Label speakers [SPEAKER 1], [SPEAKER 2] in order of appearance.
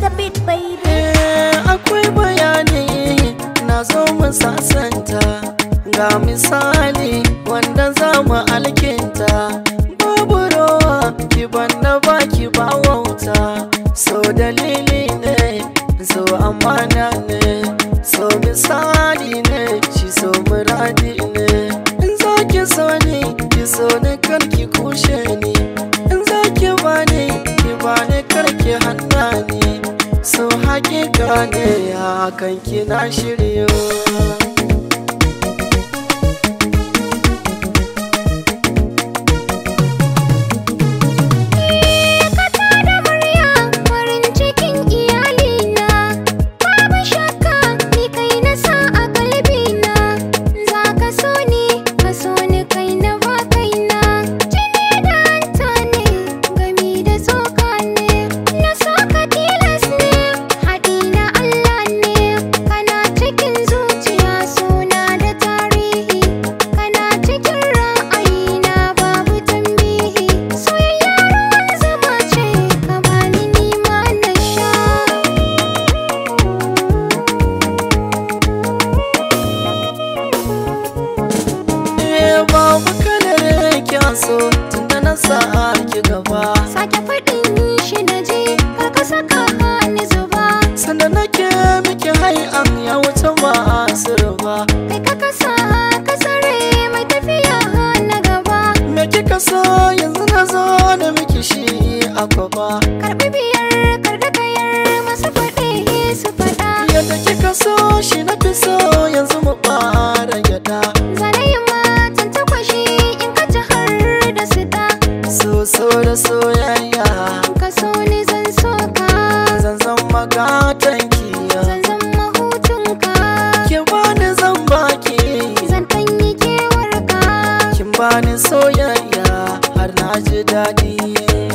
[SPEAKER 1] the beat baby akwai bayani na zo mu sasanta ga misali wanda za mu alkinta babu rowa ki banna baki ba wauta so dalili ne so amana ne so misali ne ci so muradi ne ne hakan kina shirya ku kanar kyan so tun da na sa ki gaba sake faɗin shi na ji ba ka saka ni zuba sanda ke miki hai an ya wuce ba asiru ba kai ka kasa kasare mai tafiya na gaba me kika so yanzu na zo da miki shi akwaba Karɓi biyar karda kayar masu faɗi su faɗa yadda kika so shi na fi so yanzu mu ɓara gyada so soyayya ka so ni zan so ka zan zan magatan ki zan zan mahutun ka ki bani zan baki zan danyi kewar ka kin bani soyayya har na ji daɗi